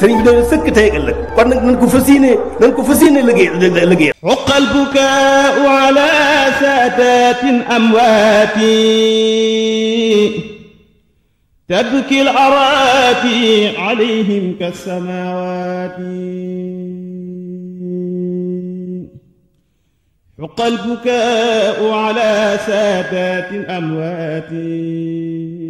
sëriñ bi dana sëkk tey ëllëg kon nag nañ ko fas yéene nañ ko fas yéene liggéey liggéey uqal bukaau ala saadatin amwaati tabki al araati alayhim kasamawaati عق البكاء على سادات أمواتي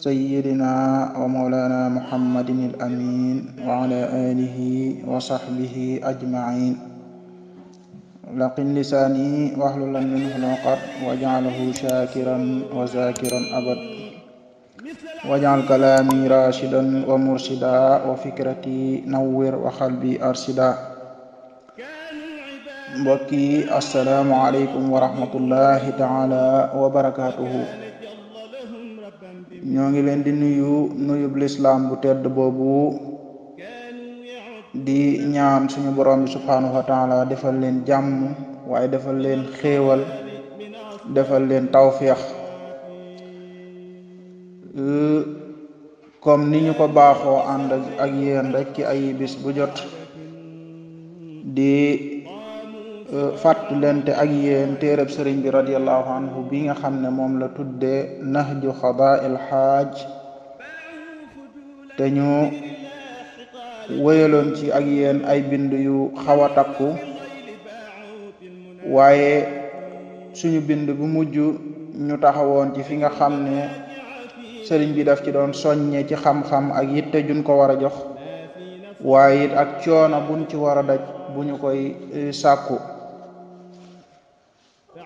sayyidina wa mawlana muhammadin al amin wa ala alihi wa sahbihi ajmain laqin lisani wahlulan minhu loqat waj'alhu shakiran wa zakiran abad waj'al kalami rashidan wa mursida wa fikrati nawwir wa qalbi arshida mbokk yi assalaamu aleykum wa rahmatullahi taala wa barakatuhu ñoo ngi leen di nuyu nuyub lislaam bu tedd boobu di ñaam suñu borom bi subhaanahu wa defal leen jàmm waaye defal leen xéewal defal leen tawféex comme ni ñu ko baaxoo ànd ak yéen rekk ci ay bis bu jot di fàttalante ak yéen téereb sëriñ bi radiallahu anhu bi nga xam ne moom la tuddee nahju xadaa'il xaaj te ñu wéyaloon ci ak yéen ay bind yu xaw a takku waaye suñu bind bu mujj ñu taxawoon ci fi nga xam ne sëriñ bi daf ci doon soññee ci xam-xam ak yitte juñ ko war a jox waaye it ak coono buñ ci war a daj bu ñu koy eh, sàkku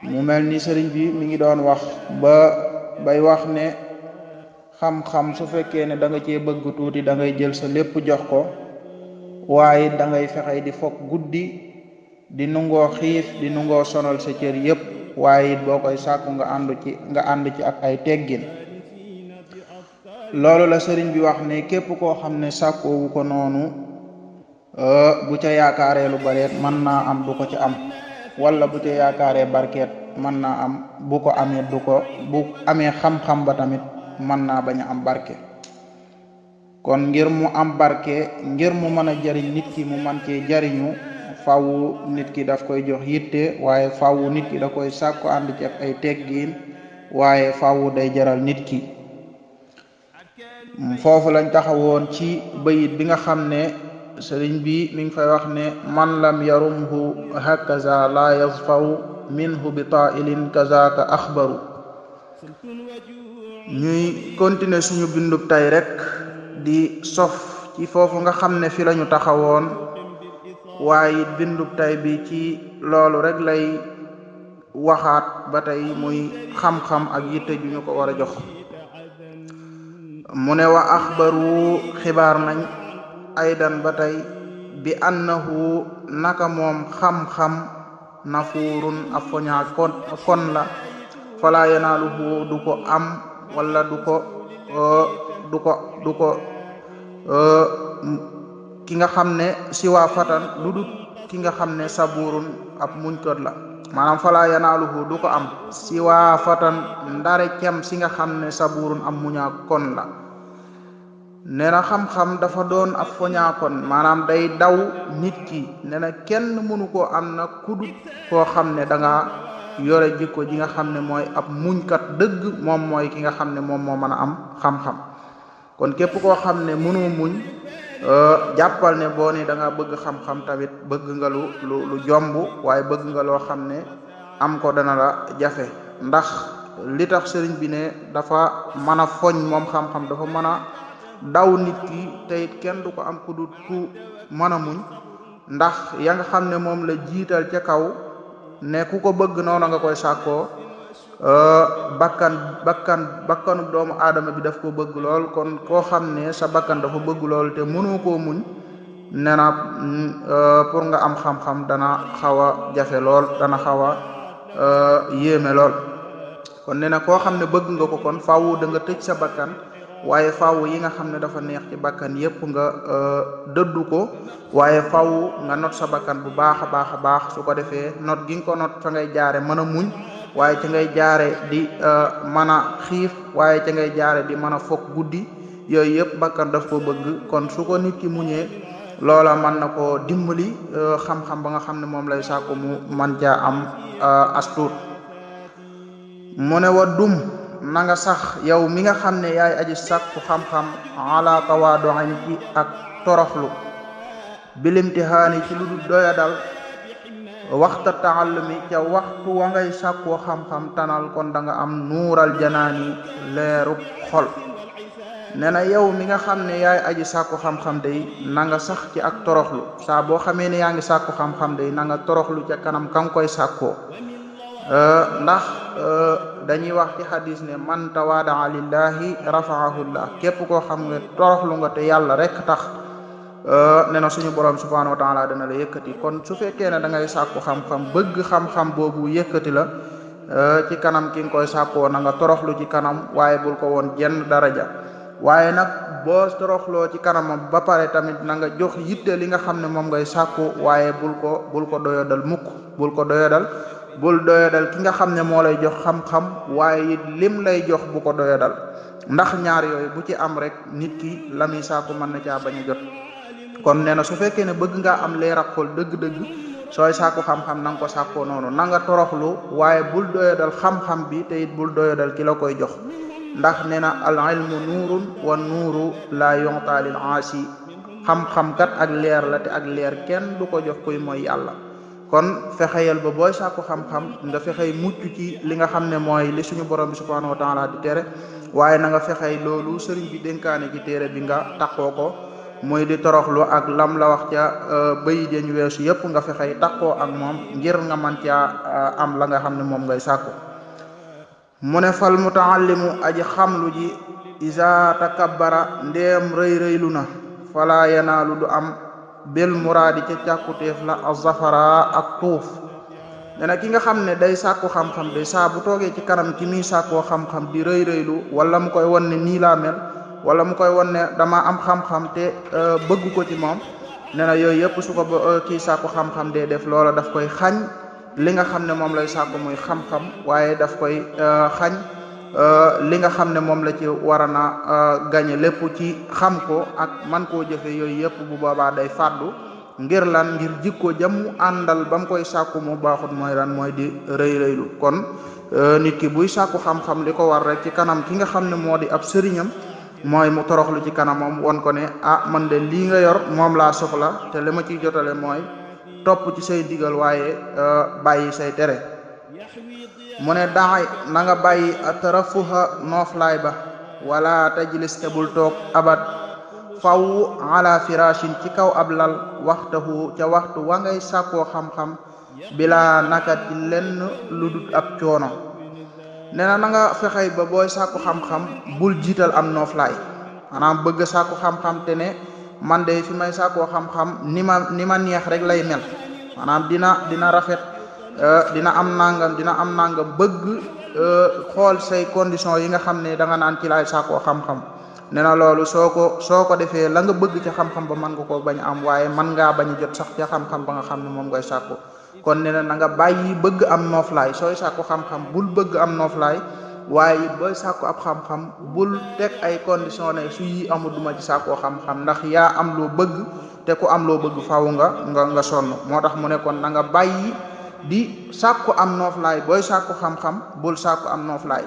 mu mel ni sëriñ bi mi ngi doon wax ba bay wax ne xam-xam su fekkee ne danga nga cee bëgg tuuti da ngay jël sa lépp jox ko waaye dangay ngay fexey di fokk guddi di nungoo xiif di nungoo sonal sa cër yépp waaye it boo koy sàkku nga ànd ci nga ànd ci ak ay teggin loolu la sëriñ bi wax ne képp koo xam ne sàkkoowu ko noonu euh, bu ca yaakaaree lu bareet mën naa am du ko ca am wala bu cee yaakaaree barkeet mën naa am bu ko amee du ko bu amee xam-xam ba tamit mën naa bañ am barke kon ngir mu am barke ngir mu mën a jariñ nit ki mu man cee jariñu faaw nit ki daf koy jox yitte waaye fawu nit ki da koy sàkku ànd ci ay teggiin waaye fawu day jaral nit ki foofu lañ taxawoon ci bayit bi nga xam ne sëriñ bi mi ngi fay wax ne man lam yarumhu hakaza faw yazfaw minhu bi tailin kazaka axbaru ñuy continuer suñu bindu tay rekk di sof ci foofu nga xam ne fi lañu taxawoon waaye it bindub tay bi ci loolu rekk lay waxaat ba tey muy xam-xam ak yitte ju ko war a jox mu ne wa axbaru xibaar nañ aydan ba tey bi annahu naka moom xam-xam nafuurun ab foñaa kon la fala yanaaluhu du ko am wala du ko du ko du ko ki nga xam ne siwa fatan lu dut nga xam ne sabuurun ab muñkot la maanaam fala yanaaluhu du ko am siwa fatan ndare kem si nga xam ne sabuurun am muñaa kon la nena na xam-xam dafa doon ab foñaakon maanaam day daw nit ki nee na kenn mënu koo am na kudut koo xam ne danga yore jikko ji nga xam ne mooy ab muñkat dëgg moom mooy ki nga xam ne moom moo mën a am xam-xam kon képp koo xam ne mënoo muñ euh, jàppal ne boo ne da nga bëgg xam-xam tamit bëgg nga lu lu jomb waaye bëgg nga loo xam ne am ko dana la jafe ndax li tax sëriñ bi ne dafa mën a foñ moom xam-xam dafa mën a daw nit ki te kenn du ko am ku dut ku mën a ndax ya nga xam ne moom la jiital ca kaw ne ku ko bëgg noonu nga koy sàkkoo euh, bakkan bakkan bakkanub doomu aadama bi daf ko bëgg lool kon koo xam ne sa bakkan dafa bëgg lool te mënoo koo muñ ne na euh, pour nga am xam-xam dana xaw a jafe lool dana xaw a euh, yéeme lool kon ne na koo xam ne bëgg nga ko kon faaw da nga tëj sa bakkan waaye faaw yi nga xam ne dafa neex ci bakkan yépp nga euh, dëddu ko waaye faaw nga not sa bakkan bu baax a baax a baax su ko defee not gi nga ko not fa ngay jaare mën a muñ waaye ca ngay jaare di euh, mën a xiif waaye ca ngay jaare di mën a fokk guddi yooyu yëpp bakkan daf ko bëgg kon su ko nit ki muñee loola mën na koo dimbali euh, xam-xam ba nga xam ne moom lay sàkku mu man caa am astuut mu ne wa dum na nga sax yow mi nga xam ne yaay aji sàkku xam-xam ala tawaadoxin ci ak toroxlu bilimtihaani ci lu dul doya dal waxta taallumi ca waxtu wa ngay sàkkoo xam-xam tanal kon da nga am nuural janaani leerub xol nee na yow mi nga xam ne yaay aji sàkku xam-xam day na sax ci ak toroxlu saa boo xamee ne yaa ngi sàkku xam-xam day na nga toroxlu ca kanam ka nga koy sàkkoo Euh, ndax euh, dañuy wax ci xadis ne man tawaadaa lillahi rafaahullah képp koo xam ne toroxlu nga te yàlla rek tax euh, ne na suñu borom subhanahu wa taala dana la yëkkati kon su fekkee ne da ngay sàkku xam-xam bëgg xam-xam boobu yëkkati la ci kanam ki nga koy sàkkoo na nga toroxlu ci kanam waaye bul ko woon jenn daraja waaye nag boo toroxloo ci kanamam ba pare tamit na nga jox yitte li nga xam ne moom ngay sàkku waaye bul ko bul ko doyodal mukk bul ko doyodal bul doyadal ki nga xam ne moo lay jox xam-xam waaye it lim lay jox bu ko doyadal ndax ñaar yooyu bu ci am rek nit ki la muy saako mën na caa bañ a jot kon nee na su fekkee ne bëgg nga am leeral xol dëgg-dëgg sooy saako xam-xam na nga ko saakoo noonu nanga nga toroxlu waaye bul doyadal xam-xam bi te it bul doyadal ki la koy jox ndax nee na al ilmu nuurun wa nuuru laa yontaa lil aasi xam-xam kat ak leer la te ak leer kenn du ko jox kuy mooy yàlla. kon fexeyal ba booy sàkku xam-xam nga fexey mucc ci li nga xam ne mooy li suñu borom bi subhanahu wa taala di tere waaye na nga loolu sëriñ bi dénkaane ci téere bi nga takkoo ko muy di toroxlu ak lam la wax ca euh, bayi dañ weesu yëpp nga fexey takkoo ak moom ngir nga man caa euh, am la nga xam ne moom ngay sàkku mu ne fal mu mutaallimu aji xamlu ji isa kabara ndéem rëy rëylu na fala yanaalu du am bel muraadi ca càkkutéef la azafara ak tuuf dana ki nga xam ne day sàkku xam-xam day saa bu toogee ci kanam ci muy sàkkoo xam-xam di rëy rëylu wala mu koy won ne nii laa mel wala mu koy won dama am xam-xam te euh, bëggu ko ci moom ne na yooyu yëpp su ko euh, kii sàkku xam-xam dee def loolo daf koy xañ li nga xam ne moom lay sàkku muy xam-xam waaye daf koy euh, xañ Euh, li nga xam ne moom la ci war a na euh, gañe lépp ci xam ko ak man koo jëfe yooyu yëpp bu boobaa day fàddu ngir lan ngir jikko jam àndal bam koy sàkku mu baaxut mooy lan mooy di rëy rëylu kon euh, nit ki buy sàkku xam-xam li ko war rek ci kanam ki nga xam ne moo di ab sëriñam mooy mu toroxlu ci kanamam won ko ne ah man de lii nga yor moom laa soxla te li ma ciy jotale mooy topp ci say digal waaye bàyyi say tere mu ne daay na nga bàyyi atarafuha nooflaay ba wala tajlis te bul toog abad faw ala firashin ci kaw ab lal waxtahu ca waxtu wa ngay sàkkoo xam-xam bila naka ci lenn lu dut ab coono nee na na nga ba booy sàkku xam-xam bul jiital am nooflaay maanaam bëgg sàkku xam-xam te ne man de fi may sàkkoo xam-xam ni ma ni ma neex rek lay mel maanaam dina rafet Euh, dina am nangam dina am nangam bëgg euh, xool say condition yi nga xam ne da nga naan ci laay sàkkoo xam-xam nee na loolu soo ko soo ko defee la nga bëgg ci xam-xam ba mën nga koo bañ am waaye mën ngaa bañ jot sax ca xam-xam ba nga xam ne moom ngay sàkku kon nee na na nga bàyyi bëgg am nooflaay sooy sàkku xam-xam bul bëgg am nooflaay waaye booy sàkku ab xam-xam teg ay condition ne su yi amul duma ci sàkkoo xam-xam ndax yaa am loo bëgg te ku am loo bëgg faaw nga nga nga sonn moo tax mu nekkoon na nga bàyyi di sàkku am nooflaay booy sàkku xam-xam bul sàkku am nooflaay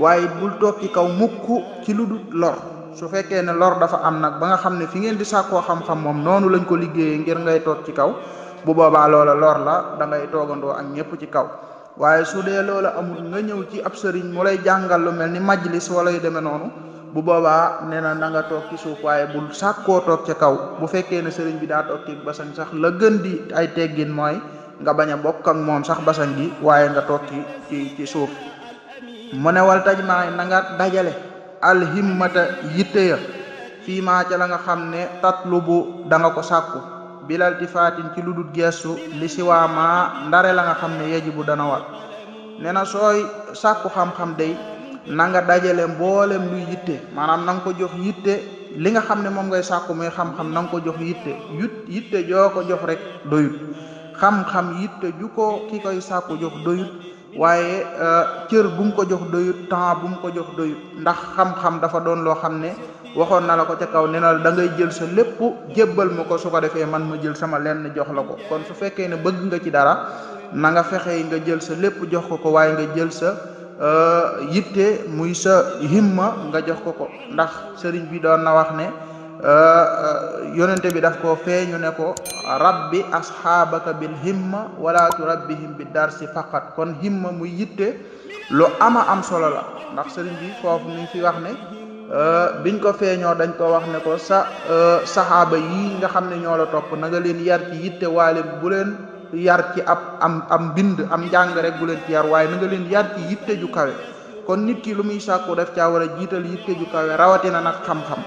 waaye bul toog ci kaw mukk ci lu du lor su fekkee ne lor dafa am nag ba nga xam ne fi ngeen di sàkkoo xam-xam moom noonu lañ ko liggéeyee ngir ngay toog ci kaw bu boobaa loola lor la da ngay toogandoo ak ñëpp ci kaw waaye su dee loola amul nga ñëw ci ab sëriñ mu lay jàngal lu mel ni majlis wala yu demee noonu bu boobaa nee na na nga toog ci suuf waaye bul sàkkoo toog ci kaw bu fekkee ne sëriñ bi daa toog ci la gën di ay teggin mooy nga bañ a bokk ak moom sax basan gi waaye nga toog ci ci suuf mu ne wal taj maay na nga dajale alhimmata yitte ya fii maa ca la nga xam ne tatlubu bu danga ko sàkku bilal ti faatin ci ludut gestu li siwaa maa ndare la nga xam ne yejibu dana wa nee na sooy sàkku xam-xam day na nga dajale mboolem luy yitte maanaam na nga ko jox yitte li nga xam ne moom ngay sàkku muy xam-xam na ko jox yitte yut yitte joo ko jox rek doyut xam-xam yitte ju ko ki koy sàkku jox doyut waaye euh, cër bu mu ko jox doyut temps bu mu ko jox doyut ndax xam-xam dafa doon loo xam ne waxoon na la ko ca kaw nee na la da ngay jël sa lépp jëbbal ma ko su ko defee man ma jël sama lenn jox la ko kon su fekkee ne bëgg nga ci dara na nga fexe nga jël sa lépp jox ko ko waaye nga jël sa euh, yitte muy sa himma nga jox ko ko ndax sëriñ bi doon na wax ne Euh, euh, yonente bi daf ko feeñu ne ko rabbi asxaabaka bil himma wala turabbihim bi darsi faqat kon himma muy yitte lu ama am solo la ndax sëriñ bi foofu mi fi wax ne euh, biñ ko feeñoo dañ ko wax ne ko sa saxaaba yi nga xam ne ñoo la topp naga leen yar ci yitte waale bu leen yar ci ab am am bind am njàng rek bu leen ci yar waaye na leen yar ci yitte ju kawe kon nit ki lu muy sàkku def caa war jiital yitte ju kawe rawatina nag xam-xam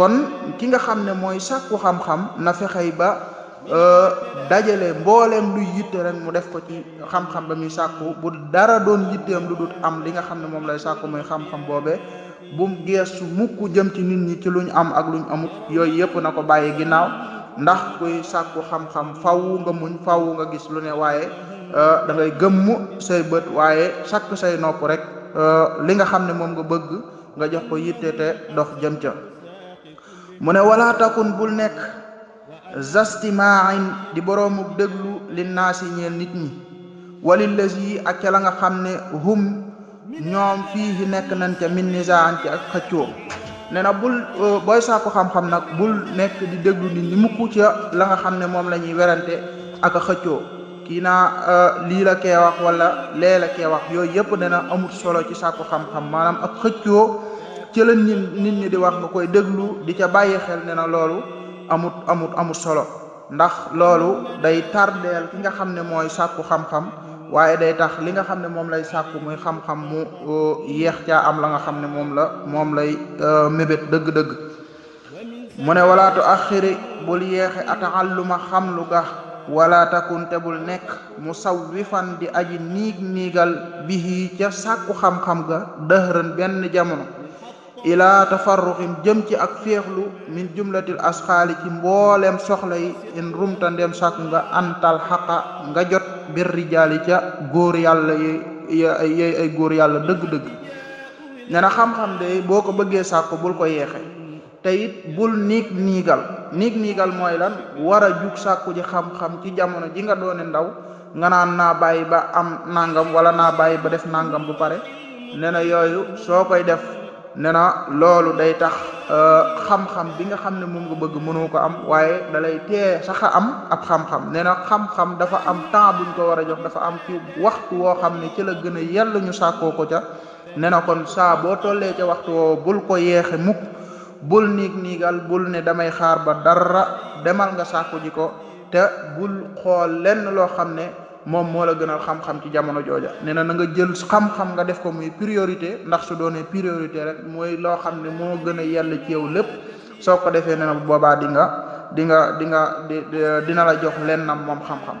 kon ki nga xam ne mooy sàkku xam-xam na fexey ba euh, dajale mbooleem luy yitte rek mu def ko ci xam-xam ba muy sàkku bu dara doon yitteem lu dut am li nga xam ne moom lay sàkku muy xam-xam boobe bum geesu mukk jëm ci nit ñi ci lu ñu am ak lu ñu amut yooyu yëpp na ko bàyyi ginnaaw ndax kuy sàkku xam-xam fawu nga muñ fawu nga gis lu ne waaye euh, da ngay gëmm say bët waaye sàkk say nopp rek euh, li nga xam ne moom nga bëgg nga jox ko yitte te dox jëm ca mu ne wala takun bul nekk zastimaain di boroomu déglu linnaasi ñeel nit ñi walillas yi ak ca la nga xam ne hum ñoom fii nekk nañ ca min nisaan ci ak xëccoo ne na bul euh, booy sàkku xam-xam nag bul nekk di déglu nit ñi mukk ca la nga xam ne moom la ñuy werante ak a xëccoo kii naa euh, lii la kee wax wala lee la kee wax yooyu yëpp dana amut solo ci sàkku xam-xam maanaam ak xëccoo ci la nit ñi di wax nga koy déglu di ca bàyyi xel ne na loolu amut amut amut solo ndax loolu day tardeel ki nga xam ne mooy sàkku xam-xam waaye day tax li nga xam ne moom lay sàkku muy xam mu yeex ca am la nga xam ne moom la moom lay mébét dëgg-dëgg mu ne walaatu axiri bul yeexe ataalluma xam lu ga wala takun te bul nekk musawwifan di aji niig niigal bihi ca sàkku xam-xam ga dëhëran benn jamono ilaa tafarruxin jëm ci ak féexlu min jumlatil asxaali ci mbooleem soxla yi in rumta ndem sàkk nga antal xaqa nga jot bir rijaali ca góor yàlla yey ay góor yàlla dëgg-dëgg nee na xam-xam de boo ko bëggee sàkk bul ko yeexe te it bul niigal niig niigal mooy lan war a jug sàkku ji xam-xam ci jamono ji nga doone ndaw nga naan naa bàyyi ba am nangam wala naa bàyyi ba def nangam bu pare nee na yooyu soo koy def nee na loolu day tax euh, xam-xam bi nga xam ne moom nga bëgg mënoo ko am waaye lay tee sax am ab xam-xam nee na xam-xam dafa am temps buñ ko war a jox dafa am ci waxtu woo xam ne ci la gën a yàlla ñu sàkkoo ko ca nee na kon saa boo tollee ca waxtu woo bul ko yeexe mukk bul niig niigal bul ne damay xaar ba dara demal nga sàkku ji ko te bul xool lenn loo xam ne moom moo la gënal xam-xam ci jamono jooja nee na na nga jël xam-xam nga def ko muy priorité ndax su doonee priorité rek mooy loo xam ne moo gën a yàlla ci yow lépp soo ko defee nee na bu boobaa di nga di di nga di dina la jox leen nam moom xam-xam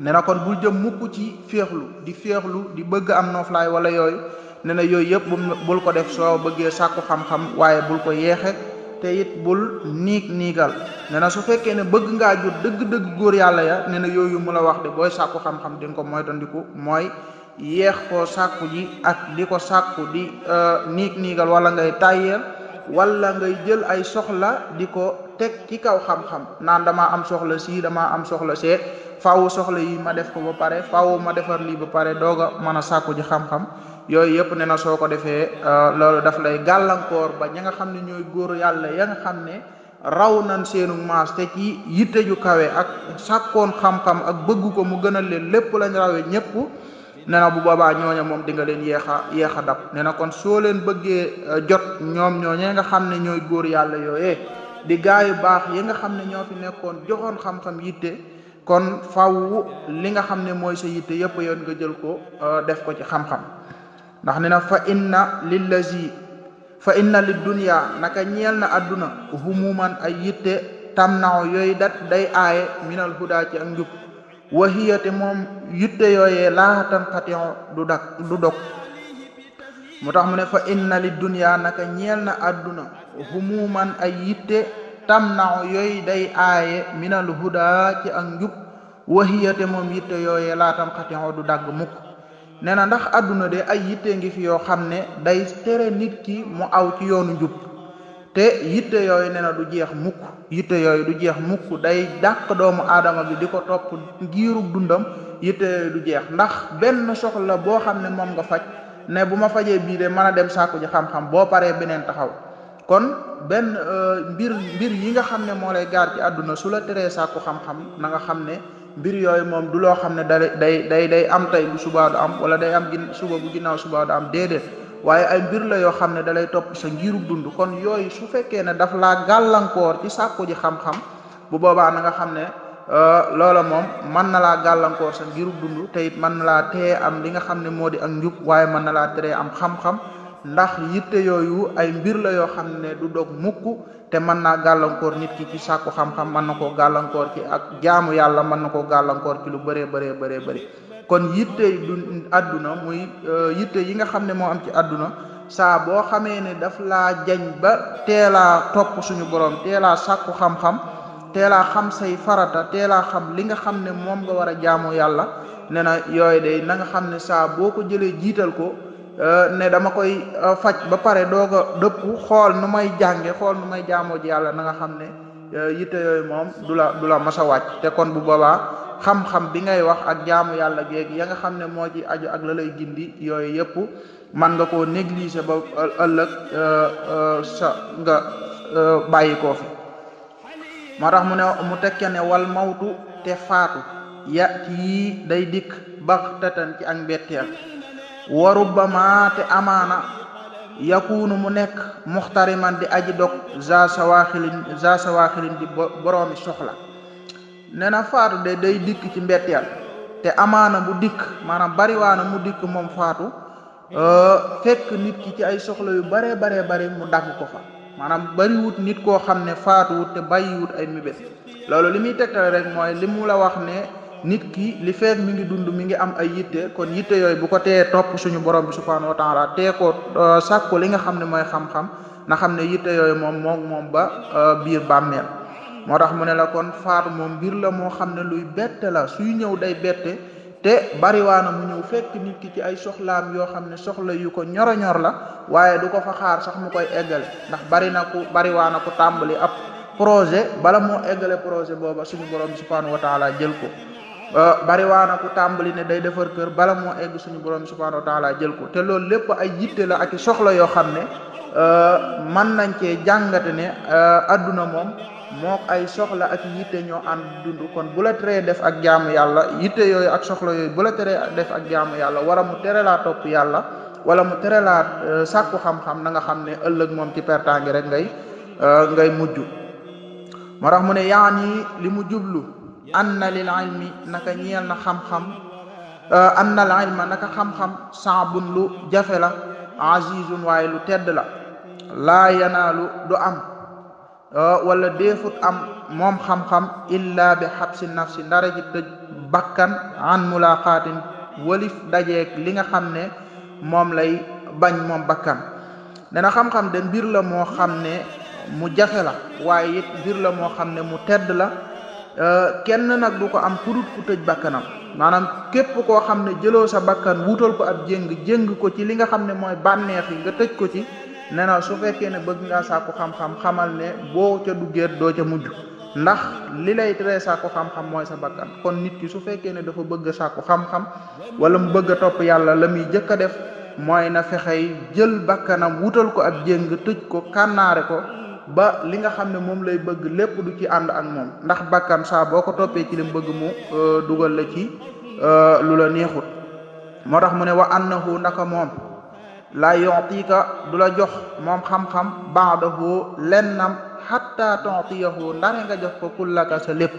nee na kon bul jëm mukk ci féexlu di féexlu di bëgg am noflaay wala yooyu nee na yooyu yëpp bul ko def soo bëggee sàkku xam-xam waaye bul ko yeexe te it bul niig niigal ne na su fekkee ne bëgg ngaa jur dëgg-dëgg góor yàlla ya ne na yooyu mu la wax di booy sàkku xam-xam di nga ko moytandiku mooy yeex ko sàkku ji ak di ko sàkku di euh, niig niigal wala ngay tàyyeel wala ngay jël ay soxla di ko teg ci kaw xam-xam naan damaa am soxla sii damaa am soxla see faaw soxla yi ma def ko ba pare faaw ma defar lii ba pare doog a mën a sàkku ji xam-xam yooyu yëpp ne na soo ko defee euh, loolu daf lay gàllankoor ba ña nga xam ne ñooy góor yàlla ya nga xam ne raw nan seenu maas te ci yitte ju kawe ak sàkkoon xam-xam ak bëgg ko mu gënal leen lépp lañ rawe ñëpp ne na bu boobaa ñooña moom di nga leen yéex a yéex a dab ne na kon soo leen bëggee euh, jot ñoom ñooñee nga xam ne ñooy góor yàlla yooyee di gaayu baax yi nga xam ne ñoo fi nekkoon joxoon xam-xam yitte kon faw li nga xam ne mooy sa yitte yëpp yoon nga jël ko euh, def ko ci xam ndax ne fa inna lillazi fa inna li dunya naka ñeel na àdduna humuman ay yitte tamnaw dat day aaye minal huda ci ak njub wa hiya te moom yitte yooyee laatan xatiyo du du dog mu tax mu ne fa inna li dunya naka ñeel na àdduna humuman ay yitte tamnaw yooyu day aaye minal huda ci ak njub wa hiya te moom yitte yooyee laatan du dag mukk nee na ndax àdduna de ay yitte ngi fi yoo xam ne day tere nit ki mu aw ci yoonu njub te yitte yooyu nee na du jeex mukk yitte yooyu du jeex mukk day dàq doomu aadama bi di ko topp giirug dundam yitte du jeex ndax benn soxla boo xam ne moom nga faj ne bu ma fajee bii de mën a dem sàkku ji xam-xam boo paree beneen taxaw kon benn euh, mbir mbir yi nga xam ne moo lay gaar ci àdduna su la teree sàkku xam-xam na nga xam ne mbir yooyu moom du loo xam ne day day day day am tey bu subaa du am wala day am suba bu ginnaaw subaa du am déedéet waaye ay mbir la yoo xam ne dalay topp sa ngirub dund kon yooyu su fekkee ne daf laa gàllankoor ci sàkku ji xam-xam bu boobaa na nga xam ne euh, loolo moom mën na laa gàllankoor sa ngiiru dund te it mën na laa tee am li nga xam ne moo di ak njub waaye mën na laa teree am xam-xam ndax yitte yooyu ay mbir la yoo xam ne du dog mukk te mën naa gàllankoor nit ki ci sàkku xam-xam mën na koo gàllankoor ci ak jaamu yàlla mën na koo gàllankoor lu bëree bëree bëree bëri kon yitte àdduna muy euh, yitte yi nga xam ne moo am ci àdduna saa boo xamee ne daf laa jañ ba teelaa topp suñu borom teelaa sàkku xam-xam teelaa xam say farata teelaa xam li nga xam ne moom nga war a jaamu yàlla ne na yooyu day na nga xam ne saa boo ko jëlee jiital ko Euh, ne dama koy euh, faj ba pare doog a dëpp xool nu may jànge xool nu may jaamoo ji yàlla nanga xam ne euh, yitte yooyu moom du la du la mas a wàcc te kon bu boobaa xam-xam bi ngay wax ak jaamu yàlla géeg ya nga xam ne moo ci aju ak la lay gindi yooyu yëpp man nga koo néglise ba ëllëg sa nga bàyyi koo fi moo tax mu ne mu tekke ne wal mawtu te faatu ya ci day dikk baxtatan ci ak mbetteel wa rubbama te amaana yakunu mu nekk muxtariman di aj dog za sawaaxilin za sawaaxilin di boroomi soxla nee na faatu de day dikk ci mbetteel te amaana bu dikk maanaam bariwaana mu dikk moom faatu euh, fekk nit ki ci ay soxla yu baree baree bari mu dagg ko fa maanaam bariwut nit koo xam ne faatuwut te bàyyiwut ay mébét loolu li muy tegtale rek mooy li mu la wax ne nit ki li feek mu ngi dund mi ngi am ay yitte kon yitte yooyu bu ko tee topp suñu borom bi subhaanahu wa taala tee ko euh, li nga xam ne mooy xam na xam ne yitte yooyu moom moom moom ba euh, biir bàmmeel moo tax mu ne la kon faatu moom mbir la moo xam ne luy bette la suy ñëw day bette te bariwaana mu ñëw fekk nit ki ci ay soxlaam yoo xam ne soxla yu ko ñoro ñor la waaye du ko fa sax mu koy eggale ndax bari na ku bariwaana ku tàmbali ab projet bala moo eggale projet booba suñu borom bi subhaanahu jël ko Euh, bari waana ku tàmbali ne day defar kër bala moo egg suñu borom subhanahu wa jël ko te loolu lépp ay yitte la ak i soxla yoo xam ne euh, mën nañ cee jàngate ne euh, adduna moom moo ay soxla ak yitte ñoo ànd kon bu la def ak jaamu yàlla yitte yooyu ak soxla yooyu bu la teree def ak jaamu yàlla wala mu tere laa topp yàlla wala mu tere laa sàkku xam-xam na nga xam ne ëllëg moom ci pertaangi rek ngay ngay mujj moo tax mu ne yaan yi li mu jublu anna lil ilmi naka ñeel na xam-xam euh, anna al ilma naka xam-xam saabun lu jafe la azizun waaye lu tedd la laa yanaalu du am euh, wala déefut am moom xam-xam illa bi xabsi nafsi ndara ji tëj bakkan an mulaqaatin walif dajeek li nga xam ne moom lay bañ moom bakkan dana xam-xam de mbir la moo xam ne mu jafe la waaye it mbir la moo xam ne mu tedd la Euh, kenn nag du ko am kudut ku tëj bakkanam maanaam képp koo xam ne jëloo sa bakkan wutal ko ab jéng jéng ko ci li nga xam ne mooy bànneex yi nga tëj ko ci nee su fekkee ne bëgg nga sàkku xam-xam xamal ne boo ca duggee doo ca mujj ndax li lay tere sàkku xam-xam mooy sa bakkan kon nit ki su fekkee ne dafa bëgg a sàkku xam-xam wala mu bëgg a topp yàlla la muy jëkk a def mooy na fexey jël bakkanam wutal ko ab jéng tëj ko kànnaare ko ba li nga xam ne moom lay bëgg lépp du ci ànd ak moom ndax bakkan saa boo ko toppee ci lim bëgg mu euh, dugal la ci euh, lu la neexut moo tax mu ne wa annahu naka moom laa yu'tika du la jox moom xam-xam ba'dahu lennam hatta tu'tiyahu ndare nga jox ko kullaka lépp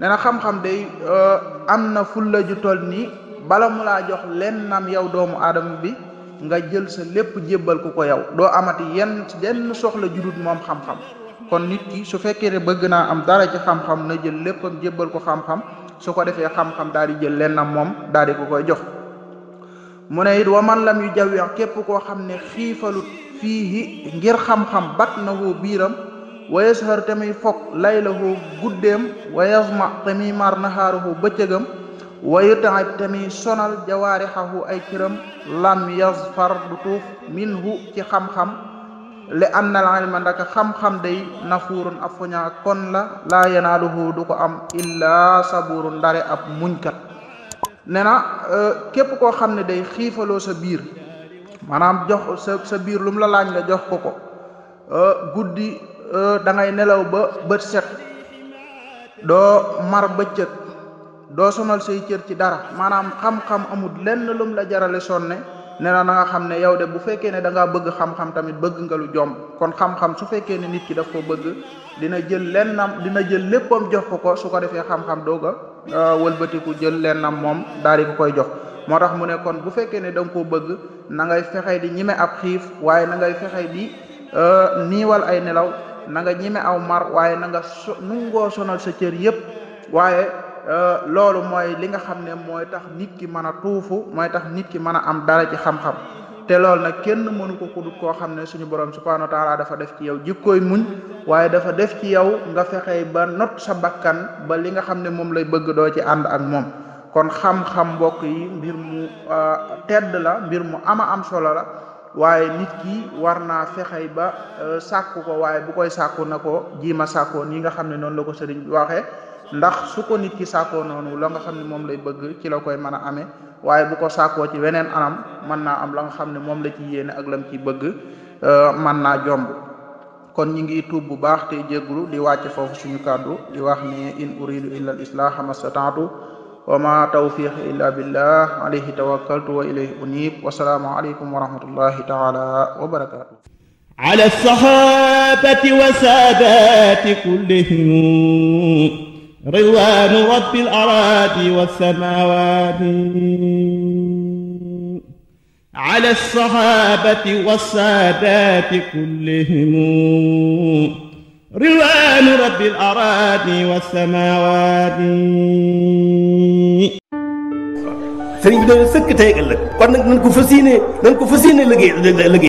nee na xam-xam day euh, na fulla ju toll nii bala mu laa jox lennam yow doomu aadama bi nga jël sa lépp jébbal ko ko yow doo amati yenn benn soxla judut moom xam-xam kon nit ki su fekkee ne bëgg naa am dara ci xam-xam na jël lépp léppam jébbal ko xam-xam su ko defee xam-xam daal di jël am moom daal di ko koy jox mu ne it wa man lam yu jawwex képp koo xam ne xiifalut fii ngir xam-xam bat na woo biiram wa yashar te muy fog laylahu guddeem wa yasma te muy mar naxaaruhu bëccëgam wayu taxib tamit sonal jawaarixahu ay cëram lam yasfar du tuuf minhu ci xam-xam li anna al ilma ndaka xam-xam day nafuurun ab foñaa kon la laa yanaaluhu du ko am illaa saburun ndare ab muñkat nee na euh, képp koo xam ne day xiifaloo sa biir maanaam jox biir lu mu la laaj nga jox ko ko euh, guddi euh, da ngay nelaw ba bët set doo mar bëccëg doo sonal say cër ci dara maanaam xam-xam amul lenn lum la jarale sonne ne na nga xam ne yow de bu fekkee ne da bëgg xam-xam tamit bëgg nga lu jomb kon xam su fekkee ne nit ki daf ko bëgg dina jël lennam dina jël léppam jox ko ko su ko defee xam dooga euh, wëlbatiku jël lennam moom daal di ko koy jox moo tax mu ne kon bu fekkee ne da koo bëgg na ngay di ñime ab xiif waaye na ngay fexe di euh, niiwal ay nelaw na nga ñime aw mar waaye na nga so nu ngoo sonal sa cër yépp waaye Euh, loolu mooy li nga xam ne mooy tax nit ki mën a tuufu mooy tax nit ki mën a am dara ci xam-xam te loolu nag kenn mënu ko kudut koo xam ne suñu borom subhanahu wa dafa def ci yow koy muñ waaye dafa def ci yow nga fexey ba not sa bakkan ba li nga xam ne moom lay bëgg doo ci ànd ak moom kon xam-xam mbokk yi mbir mu euh, tedd la mbir mu ama am solo la waaye nit ki war naa fexey ba euh, sàkku ko waaye bu koy sàkku na ko jiima sàkkoo ni nga xam ne noonu la ko sëriñ bi ndax su ko nit ki sàkkoo noonu la nga xam ne moom lay bëgg ci la koy mën a waaye bu ko sàkkoo ci weneen anam man naa am la nga xam ne moom la ci yéene ak lam ci bëgg euh, man naa jomb kon ñi ngi tuub bu baax tey jégglu di wàcc foofu suñu kàddu di wax ne in uridu illa al islaha mastataatu wa ma tawfiqi illa billah alayhi tawakkaltu wa ilayhi unib wa salaamu alaykum wa rahmatullahi taala wa barakatuh ala sahabati wa saadati ridwaanu rabbil araadi wassamaawaati ala saxaabati wassaadaati kullihim ridwaanu rabbil araadi wassamaawaati. sëriñ bi de sëkk tey ak ëllëg kon nag nañ ko fas yéene nañ ko fas yéene liggéey liggéey.